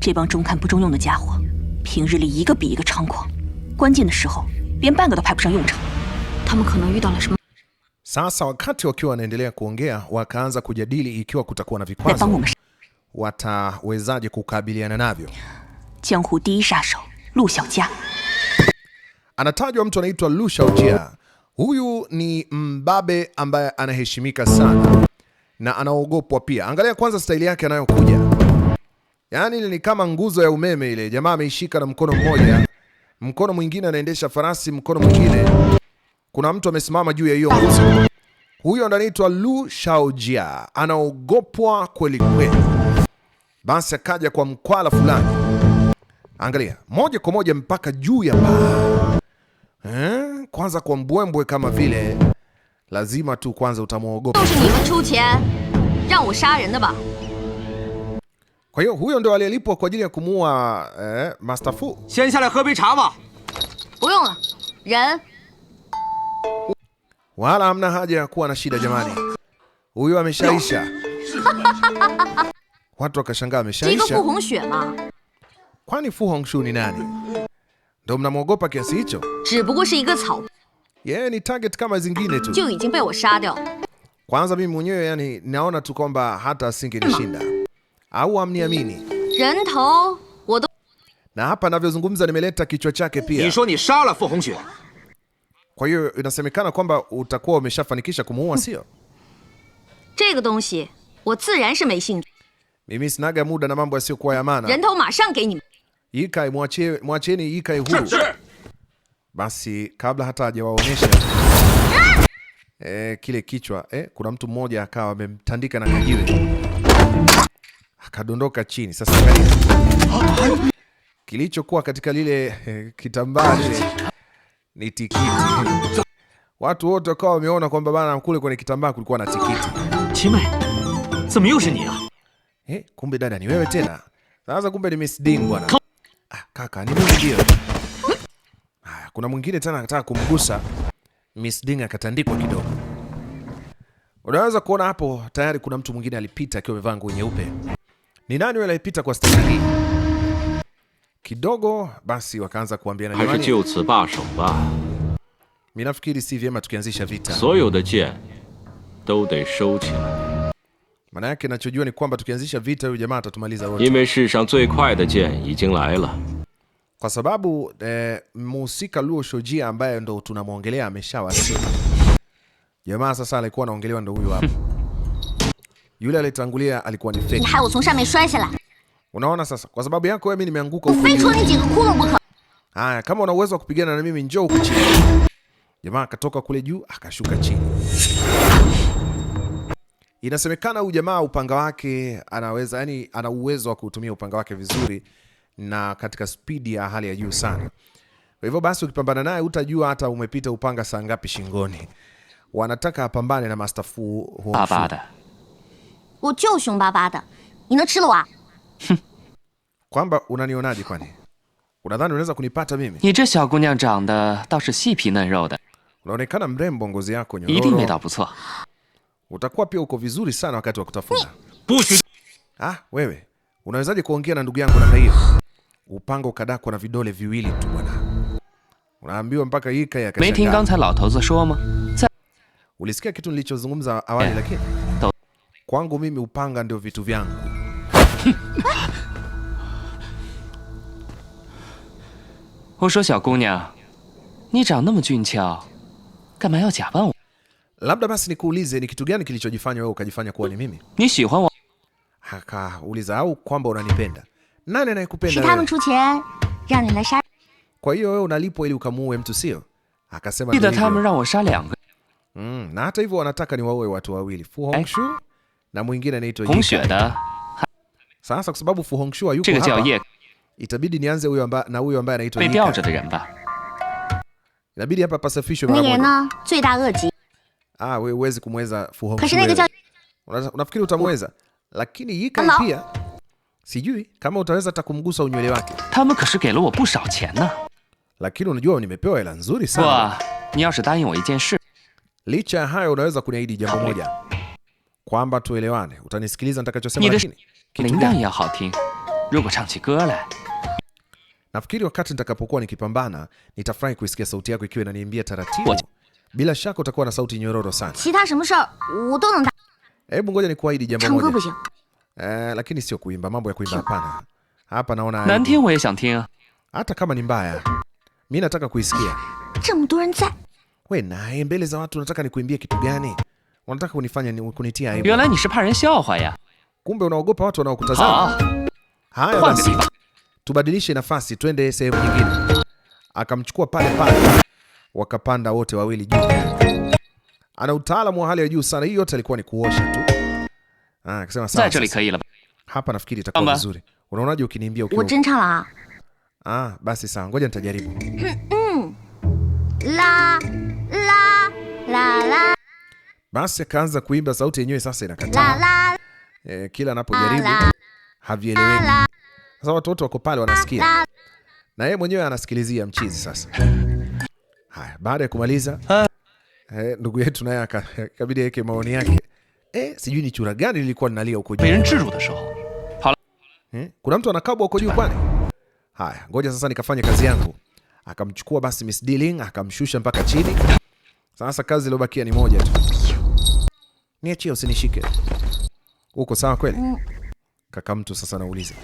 这帮中看不中用的家伙，平日里一个比一个猖狂，关键的时候连半个都派不上用场。他们可能遇到了什么？Sasa wakati wakiwa wanaendelea kuongea, wakaanza kujadili ikiwa kutakuwa na vikwazo watawezaje kukabiliana navyo. Jianghu dii shashou Lu Xiaojia anatajwa mtu anaitwa Lu Xiaojia. Huyu ni mbabe ambaye anaheshimika sana na anaogopwa pia. Angalia kwanza staili yake anayokuja Yaani ile ni kama nguzo ya umeme ile. Jamaa ameishika na mkono mmoja, mkono mwingine anaendesha farasi, mkono mwingine kuna mtu amesimama juu ya hiyo nguzo. Huyo ndo anaitwa Lu Shaojia, anaogopwa kweli kweli. Basi akaja kwa mkwala fulani, angalia, moja kwa moja mpaka juu ya paa eh? Kwanza kwa mbwembwe kama vile lazima tu kwanza utamwogopa kwa hiyo huyo ndio aliyelipwa kwa ajili ya kumuua eh, Master Fu. Wala hamna haja ya kuwa na shida jamani. huyo ameshaisha. Watu wakashangaa ameshaisha. Kwani Fu Hongxue ni nani? Ndio mnamwogopa kiasi hicho? Yeah, ni target kama zingine tu. Kwanza mimi mwenyewe yani naona tu kwamba hata asingenishinda au hamniamini? Na hapa anavyozungumza nimeleta kichwa chake pia. Kwa hiyo inasemekana kwamba utakuwa umeshafanikisha kumuua, hmm. sio? Mimi sinaga muda na mambo yasiyokuwa ya maana. Ikai, mwacheni Ikai huru. Basi kabla hata hajawaonyesha eh, kile kichwa eh, kuna mtu mmoja akawa amemtandika na kajiwe akadondoka chini. Sasa angalia kilichokuwa katika lile eh, kitambaa ni tikiti. Watu wote wakawa wameona kwamba bana, kule kwenye kitambaa kulikuwa na tikiti. Eh, kumbe dada ni wewe tena. Sasa kumbe ni Miss Ding bwana. Ah, kaka ni mimi ndio. Ah, kuna mwingine tena anataka kumgusa Miss Ding akatandikwa kidogo. Unaweza kuona hapo tayari kuna mtu mwingine alipita akiwa amevaa nguo nyeupe ni nani aliyepita kwa staili hii? Kidogo basi wakaanza kuambiana, jamani, mimi nafikiri si vyema tukianzisha vita. Maana yake ninachojua ni kwamba tukianzisha vita huyu jamaa atatumaliza wote, kwa sababu eh, mhusika Luo Shojia ambaye ndo tunamwongelea ameshawasili. Jamaa sasa alikuwa anaongelewa ndo huyu hapa Yule aliyetangulia alikuwa ni fake. Unaona sasa, kwa sababu yako wewe mimi nimeanguka huko. Haya, kama una uwezo wa kupigana na mimi njoo huko chini. Jamaa akatoka kule juu akashuka chini. Inasemekana huyu jamaa upanga wake anaweza, yani ana uwezo wa kutumia upanga wake vizuri na katika spidi ya hali ya juu sana. Kwa hivyo basi ukipambana naye utajua hata umepita upanga saa ngapi shingoni. Wanataka apambane na Master Fu. 我就凶巴巴的，你能吃了我、啊？哼，kwamba unanionaje kwani? Unadhani unaweza kunipata mimi? 你这小姑娘长得倒是细皮嫩肉的，Unaonekana mrembo, ngozi yako 一定味 nyororo, 道不错。utakuwa pia uko vizuri sana wakati wa kutafuna. Hmm. Ah, wewe unawezaje kuongea na ndugu yangu namna hiyo? Upango kadako na vidole viwili tu bwana, unaambiwa mpaka hii kaya 没听刚 akashangaa. 才老头子说吗？在 Ulisikia kitu nilichozungumza awali, Eh. lakini 抖 Kwangu mimi upanga ndio vitu vyangu. Osho xiao ni namo junqiao yao jiaban wo? Labda basi nikuulize ni kitu gani kilichojifanya wewe ukajifanya kuwa ni mimi? Ni wo? au kwamba unanipenda. Nani anayekupenda wewe? Kwa hiyo wewe unalipwa ili ukamuue mtu sio? Akasema ndio. Mm, na hata hivyo wanataka niwaue watu wawili. Fu Hongxue eh? na mwingine anaitwa Yika. Sasa kwa sababu Fu Hongxue yuko hapa, itabidi nianze huyo ambaye na huyo ambaye anaitwa Yika. Inabidi hapa pasafishwe mara moja. Ah, wewe huwezi kumweza Fu Hongxue. Unafikiri utamweza? Lakini Yika pia sijui kama utaweza hata kumgusa unywele wake. Lakini unajua nimepewa hela nzuri sana. Licha ya hayo unaweza kuniahidi jambo moja? kwamba tuelewane, utanisikiliza nitakachosema, nafikiri wakati nitakapokuwa nikipambana nitafurahi kuisikia sauti yako ikiwa inaniimbia taratibu. Bila shaka utakuwa na sauti nyororo sana. Hebu ngoja nikuahidi jambo moja. Eh, lakini sio kuimba, mambo ya kuimba hapana. Hapa naona hata kama ni mbaya, mi nataka kuisikia. We naye mbele za watu, nataka nikuimbie kitu gani? Wanataka kunifanya ni kunitia aibu. Yala ni shipa ren xiaohua ya. Kumbe unaogopa watu wanaokutazama. Ah, ah. Haya basi. Tubadilishe nafasi twende sehemu nyingine. Akamchukua pale pale. Wakapanda wote wawili juu. Ana utaalamu wa hali ya juu sana. Hii yote alikuwa ni kuosha tu. Ah, akasema sawa. Hapa nafikiri itakuwa vizuri. Unaonaje ukiniambia ukiwa? la. Ah, basi sawa. Ngoja nitajaribu. La la la la. Basi akaanza kuimba, sauti yenyewe sasa inakataa. E, eh, kila anapojaribu havieleweki. Sasa watoto wako pale wanasikia, na yeye mwenyewe anasikilizia mchizi sasa. Haya, baada ya kumaliza e, ndugu yetu naye akabidi aweke maoni yake. E, sijui ni chura gani lilikuwa linalia huko juu. Kuna mtu anakabwa huko juu kwani? Haya, ngoja sasa nikafanye kazi yangu. Akamchukua basi Miss Dealing akamshusha mpaka chini. Sasa kazi iliyobakia ni moja tu. Niachie, usinishike. Uko sawa kweli? Kaka mtu sasa nauliza.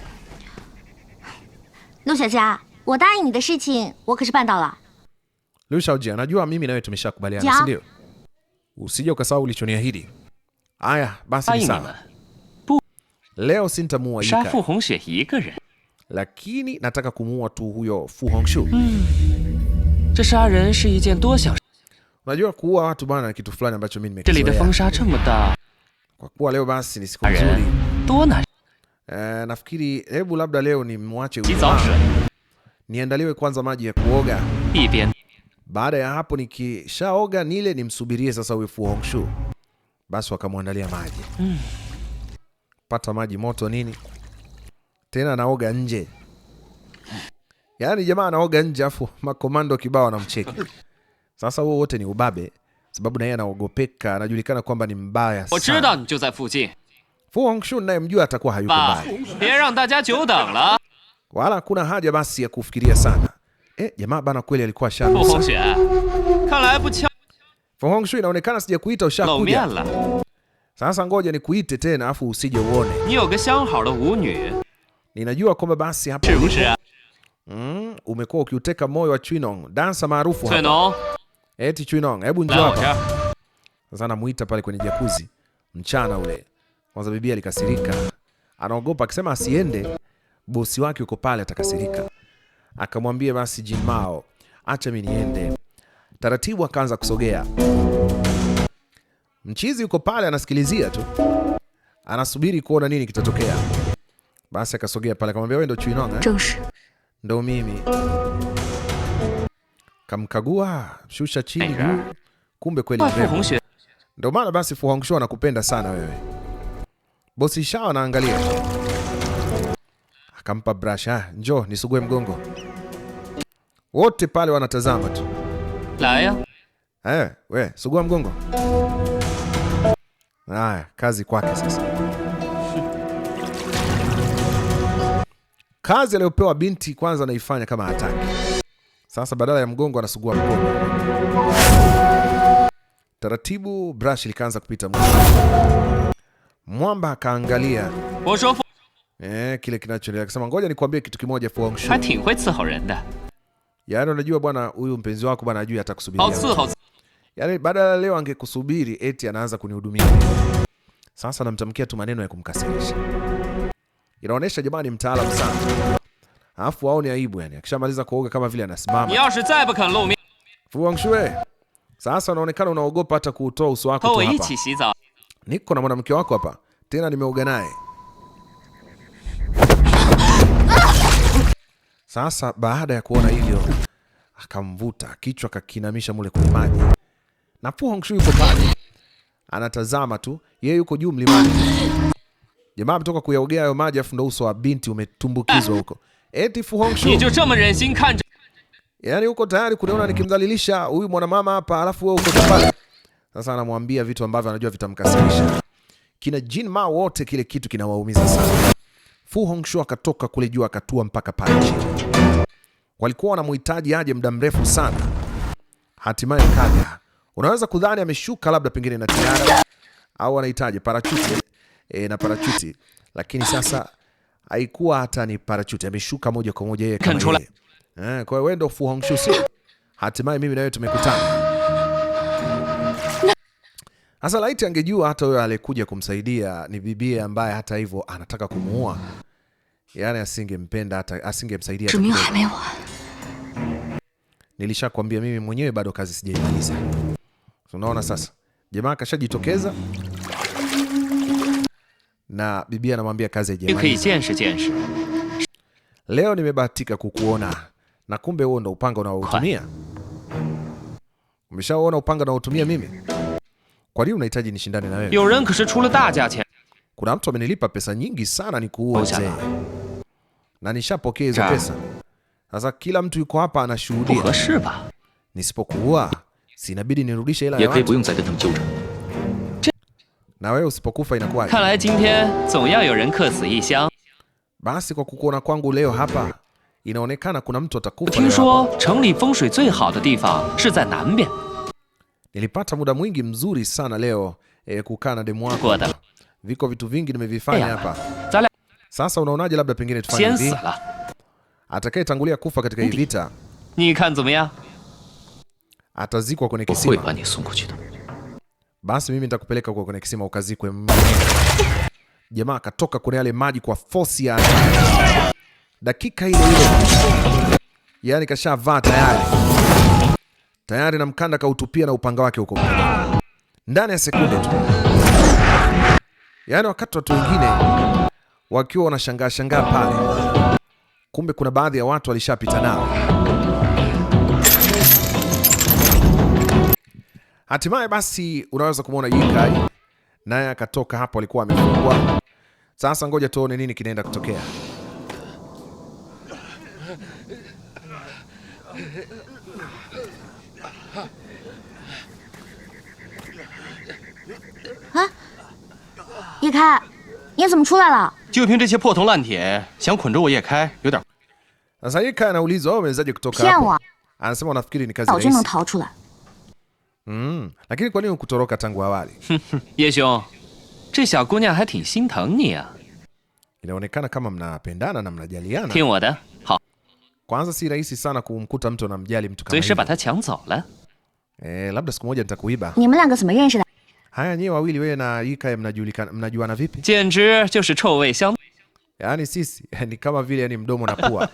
Lu Xiaojia, wo dayin ni de shiqing, wo ke shi la. Lu Xiaojia, najua mimi na wewe tumeshakubaliana, si ndio? Usije ukasahau ulichoniahidi. Aya, basi ni sawa. Leo sintamuua Yi Kai. Lakini nataka kumuua tu huyo Fu Hongxue. Hmm. Unajua kuua watu bwana kitu fulani ambacho mimi nimekizoea. Kwa kuwa leo basi ni siku nzuri. Eh, nafikiri hebu labda leo ni nimwache huyo. Niandaliwe kwanza maji ya kuoga. Baada ya hapo nikishaoga nile nimsubirie sasa huyo Fu Hongxue. Basi wakamwandalia maji. Hmm. Pata maji moto nini? Tena naoga nje. Yaani jamaa anaoga nje afu makomando kibao anamcheki. Sasa huo wote ni ubabe, sababu naye anaogopeka, anajulikana kwamba ni mbaya sana. Fu Hongxue mjua atakuwa hayuko mbaya, wala kuna haja basi ya kufikiria sana. Eh, jamaa bana, kweli alikuwa Fu Hongxue, inaonekana sija kuita ushakuja. Sasa ngoja ni kuite tena afu usije uone. Ninajua kwamba basi hapa. Mm, umekuwa ukiuteka moyo wa Chinong, dansa maarufu hapa eti Chuinong, hebu njoo hapa. Sasa anamuita pale kwenye jakuzi mchana ule. Kwanza bibi alikasirika, anaogopa akisema asiende, bosi wake yuko pale, atakasirika. Akamwambia basi Jim Mao, acha mimi niende. Taratibu akaanza kusogea. Mchizi yuko pale anasikilizia tu, anasubiri kuona nini kitatokea. Basi akasogea pale, akamwambia wewe ndo Chwinong eh? Ndo mimi kamkagua, shusha chini juu, kumbe kweli mrembo. Ndio maana basi Fu Hongxue anakupenda sana wewe. Bosi Shao anaangalia, akampa brush. Ah, njo nisugue mgongo. Wote pale wanatazama tu. Eh, we sugua mgongo. Haya, kazi kwake sasa. Kazi aliyopewa binti kwanza anaifanya kama hataki. Sasa badala ya mgongo anasugua mkono. Taratibu brush likaanza kupita mkono. Mwamba akaangalia. Eh, kile kinachoendelea. Akasema ngoja nikwambie kitu kimoja Fu Hongxue. Yaani unajua bwana huyu mpenzi wako bwana ajui atakusubiria. Yaani badala leo angekusubiri eti anaanza kunihudumia. Sasa namtamkia tu maneno ya kumkasirisha. Inaonesha jamani mtaalamu sana. Alafu aone aibu yani. Akishamaliza kuoga kama vile anasimama. Fu Hongxue, sasa unaonekana unaogopa hata kuutoa uso wako tu hapa. Niko na mwanamke wako hapa. Tena nimeoga naye. Sasa baada ya kuona hivyo akamvuta kichwa kakinamisha mule kwenye maji. Na Fu Hongxue yuko pale. Anatazama tu, yeye yuko juu mlimani. Jamaa ametoka kuyaogea hayo maji afu ndo uso wa binti umetumbukizwa huko. Ah. Eti Fu Hongxue yani uko tayari kuniona nikimdhalilisha huyu mwanamama hapa, alafu wewe uko pale. Sasa anamwambia vitu ambavyo anajua vitamkasirisha. Kina Jin Ma wote kile kitu kinawaumiza sana. Fu Hongxue akatoka kule juu akatua mpaka pale chini. Walikuwa wanamhitaji aje muda mrefu sana. Hatimaye kaja. Unaweza kudhani ameshuka labda pengine na tiara au anahitaji parachuti e, na parachuti, lakini sasa haikuwa hata ni parachute, ameshuka moja kwa moja yeye kama yeye. Eh, kwa hiyo wewe ndio Fu Hongxue, si hatimaye mimi na wewe tumekutana. Sasa laiti angejua hata yule alikuja kumsaidia ni bibie ambaye hata hivyo anataka kumuua, yani asingempenda hata asingemsaidia Nilishakwambia mimi mwenyewe bado kazi sijaimaliza. Unaona sasa, jamaa kashajitokeza na bibi anamwambia kazi ya jamani, leo nimebahatika kukuona na kumbe huo ndo upanga unaoutumia. Umeshaona upanga unaoutumia mimi? Kwa nini unahitaji nishindane na wewe? Kuna mtu amenilipa pesa nyingi sana nikuuze, na nishapokea hizo pesa. Sasa kila mtu yuko hapa anashuhudia. Nisipokuua, sinabidi nirudishe hela ya watu na wewe usipokufa inakuwa. Basi kwa kukuona kwangu leo hapa inaonekana kuna mtu atakufa. Nilipata muda mwingi mzuri sana leo e, kukaa na demu wako. Viko vitu vingi nimevifanya hapa. Sasa unaonaje, labda pengine tufanye hivi. Atakayetangulia kufa katika hii vita atazikwa kwenye kisima basi mimi nitakupeleka huko kwenye kisima ukazikwe. Jamaa akatoka kwenye yale maji kwa fosi ya dakika ile ile, yani kashavaa tayari tayari, na mkanda kautupia na upanga wake huko ndani ya sekunde tu. Yani wakati watu wengine wakiwa wanashangaa shangaa pale, kumbe kuna baadhi ya watu walishapita nao. Hatimaye basi unaweza kumwona Ye Kai naye akatoka hapo, alikuwa amefungwa. Sasa ngoja tuone nini kinaenda kutokea. Ye Kai, ni zemu chulai la? Jo ping zese po tong lan tie, xiang kun zhe wo Ye Kai, you dian. Sasa Ye Kai anaulizwa wewe oh, umewezaje kutoka hapo? Anasema unafikiri ni kazi rahisi? Mm, lakini kwa nini hukutoroka tangu awali? Inaonekana kama mnapendana na mnajaliana. Kwanza si rahisi sana kumkuta mtu anamjali mtu kama hiyo. Eh, labda siku moja nitakuiba. Haya nyewe wawili wewe na Yikaye mnajulikana mnajuana vipi? Yaani sisi ni kama vile yani mdomo na pua.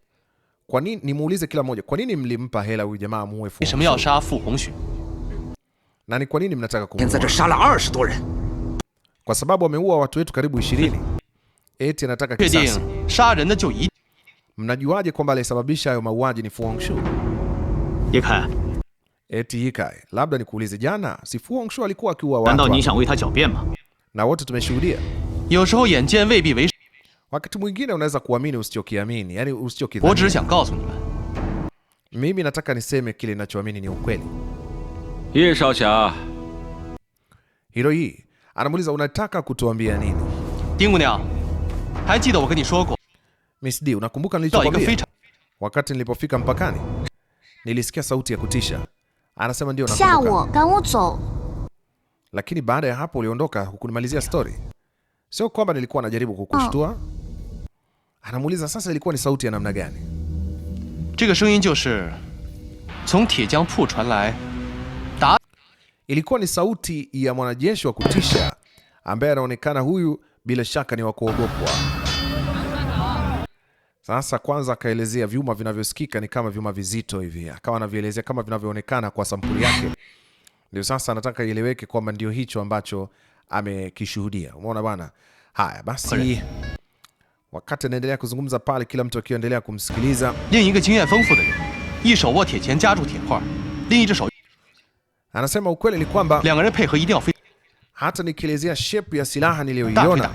kwa nini, nimuulize kila mmoja, kwa nini mlimpa hela huyu jamaa muue Fu Hongxue? Na ni kwa nini mnataka kumuua? Kwa sababu ameua watu wetu karibu 20. Eti anataka kisasi. Mnajuaje kwamba aliyesababisha hayo mauaji ni Fu Hongxue? Eti Yikae, labda nikuulize, jana si Fu Hongxue alikuwa akiua watu. Na wote tumeshuhudia. Wakati mwingine unaweza kuamini usichokiamini, yani usichokidhani. Mimi nataka niseme kile ninachoamini ni ukweli. Hiroi anamuuliza unataka kutuambia nini? Miss D, unakumbuka nilichokuambia Wakati nilipofika mpakani nilisikia sauti ya kutisha. Anasema ndio nakumbuka. Lakini baada ya hapo uliondoka, hukunimalizia story. Sio kwamba nilikuwa najaribu kukushtua. Oh. Anamuuliza sasa ilikuwa ni sauti ya namna gani? Ilikuwa ni sauti ya mwanajeshi wa kutisha ambaye anaonekana huyu bila shaka ni wa kuogopwa. Sasa kwanza akaelezea vyuma vinavyosikika ni kama vyuma vizito hivi, akawa anavyoelezea kama vinavyoonekana kwa sampuli yake. Ndio sasa anataka ieleweke kwamba ndio hicho ambacho amekishuhudia. Umeona bwana? Haya basi. Wakati anaendelea kuzungumza pale, kila mtu akiendelea kumsikiliza. Anasema ukweli ni kwamba hata nikielezea shape ya silaha niliyoiona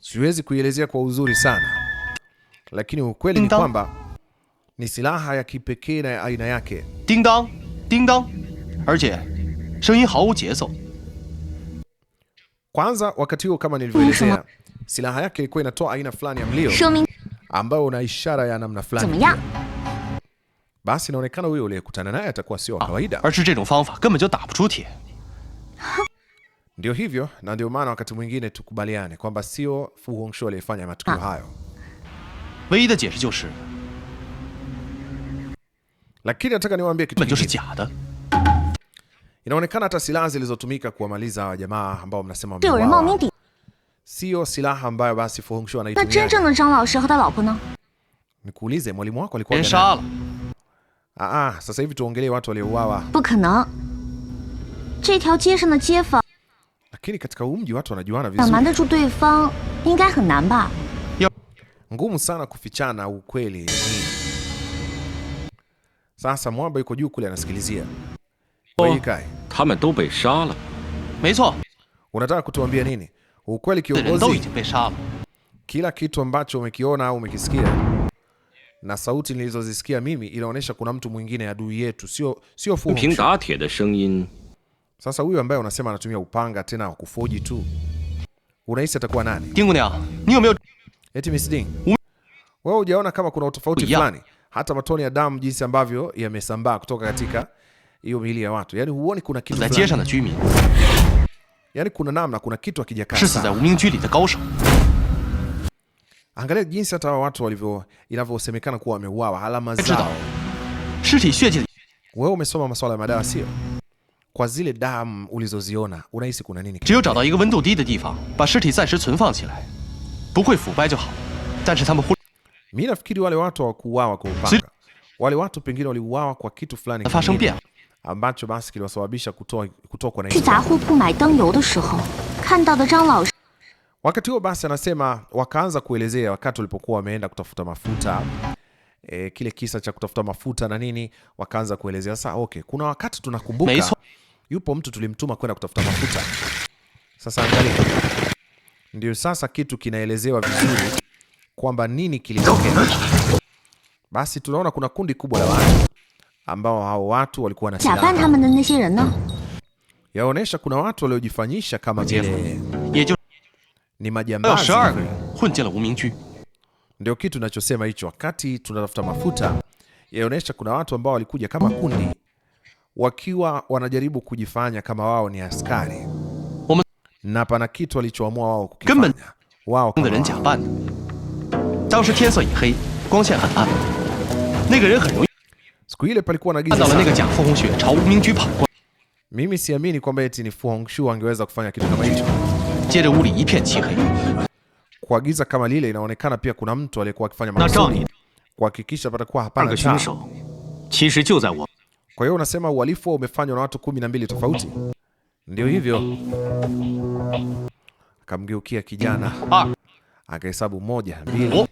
siwezi kuielezea kwa uzuri sana, lakini ukweli ni kwamba ni silaha ya kipekee na ya aina yake. Ding dong, ding dong, 而且声音毫无节奏。kwanza wakati huo kama nilivyoelezea, silaha yake ilikuwa inatoa aina fulani ya mlio ambayo una ishara ya namna fulani. Basi inaonekana huyo uliyekutana naye atakuwa sio ah, kawaida. Ndio hivyo, na ndio maana wakati mwingine tukubaliane kwamba sio Fu Hongxue aliyefanya matukio ah. hayo. Lakini nataka niwaambie kitu. Inaonekana hata silaha zilizotumika kuwamaliza jamaa ambao mnasema sio silaha ambayo basi Fu Hongxue anaitumia. Nikuulize, mwalimu wako alikuwa gani? Ah, ah, sasa hivi tuongelee watu waliouawa. Lakini katika huu mji watu wanajuana vizuri. Ngumu sana kufichana ukweli. Sasa mwamba yuko juu kule anasikilizia. Oh. 他们都被杀了。没错。Unataka kutuambia nini? Ukweli kiongozi, kila kitu ambacho umekiona au umekisikia na sauti nilizozisikia mimi inaonyesha kuna mtu mwingine adui yetu, sio sio Fu Hongxue. Sasa huyu ambaye unasema anatumia upanga tena wa kufoji tu, unahisi atakuwa nani? Eti Miss Ding, wewe hujaona kama kuna utofauti fulani, hata matone ya damu jinsi ambavyo yamesambaa kutoka katika hiyo miili ya watu. Yani huoni kuna kitu fulani. Yani kuna namna, kuna kitu hakijakaa Angalia jinsi hata watu walivyo inavyosemekana kuwa wameuawa, alama zao. Wewe umesoma masuala ya madawa sio? Kwa zile damu ulizoziona unahisi kuna nini? Mimi nafikiri wale watu hawakuuawa kwa upanga. Wale watu pengine waliuawa kwa kitu fulani ambacho basi kiliwasababisha kutokwa na wakati huo basi, anasema wakaanza kuelezea wakati walipokuwa wameenda kutafuta mafuta e, kile kisa cha kutafuta mafuta na nini, wakaanza kuelezea sasa. Okay, kuna wakati tunakumbuka yupo mtu tulimtuma kwenda kutafuta mafuta. Sasa angalia, ndio sasa kitu kinaelezewa vizuri kwamba nini kilitokea. Basi tunaona kuna kundi kubwa la watu ambao hao watu walikuwa na silaha. Yaonesha kuna watu waliojifanyisha kama vile ni oh, majambazi. Ndio kitu tunachosema hicho, wakati tunatafuta mafuta. Yaonesha kuna watu ambao walikuja kama kundi wakiwa wanajaribu kujifanya kama wao ni askari na pana kitu walichoamua wao kukifanya wao kama Siku ile palikuwa na giza. Mimi siamini kwamba eti ni Fu Hongxue angeweza kufanya kitu kama hicho. Kwa giza kama lile inaonekana pia kuna mtu aliyekuwa akifanya makusudi kuhakikisha patakuwa hapana taa. Kwa hiyo unasema uhalifu umefanywa na watu 12 tofauti? Ndio hivyo. Akamgeukia kijana ah. akahesabu moja, mbili,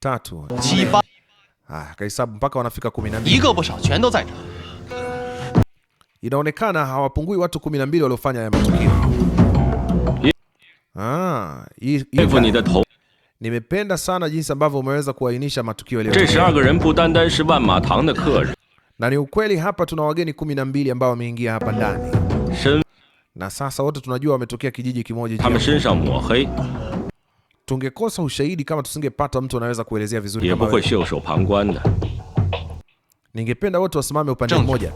tatu, nne. Akahesabu ah, mpaka wanafika 12. Inaonekana hawapungui watu 12 waliofanya haya matukio. Ah, hii nimependa sana jinsi ambavyo umeweza kuainisha matukio leo. Na ni ukweli hapa tuna wageni 12 ambao wameingia hapa ndani. Na sasa wote tunajua wametokea kijiji kimoja tungekosa ushahidi kama tusingepata mtu anaweza kuelezea vizuri kama Ningependa wote wasimame upande mmoja,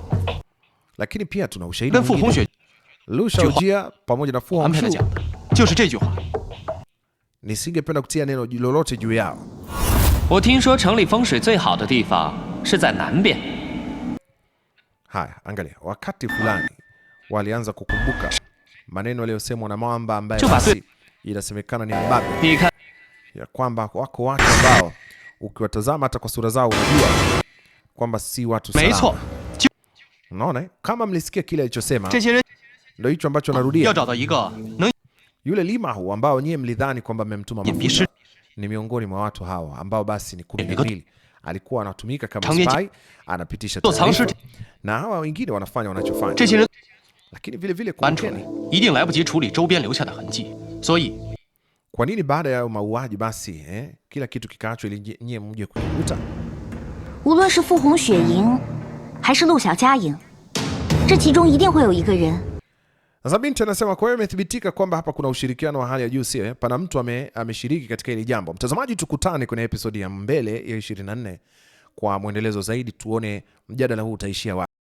lakini pia tuna ushahidi mwingine. Lu Shaojia pamoja na Fu Hongxue nisingependa kutia neno lolote juu yao. Haya, angalia, wakati fulani walianza kukumbuka maneno yaliyosemwa na mwamba ambaye inasemekana ni mbabe ya kwamba wako watu ambao ukiwatazama hata kwa sura zao unajua kwamba si watu salama. Unaona, kama mlisikia kile alichosema, ndio hicho ambacho anarudia Yule Lima huu ambao nyie mlidhani kwamba mmemtuma mafuta ni miongoni mwa watu hawa ambao basi ni kumi na mbili alikuwa anatumika kama spy, anapitisha taarifa na hawa wengine wanafanya wanachofanya, lakini vile vile kumbukeni kwa nini baada ya mauaji basi eh, kila kitu kikaachwa ili nyie mje Sasa binti anasema kwa hiyo imethibitika kwamba hapa kuna ushirikiano wa hali ya juu, sio? Eh? Pana mtu ame, ameshiriki katika hili jambo. Mtazamaji, tukutane kwenye episodi ya mbele ya 24 kwa mwendelezo zaidi, tuone mjadala huu utaishia wapi.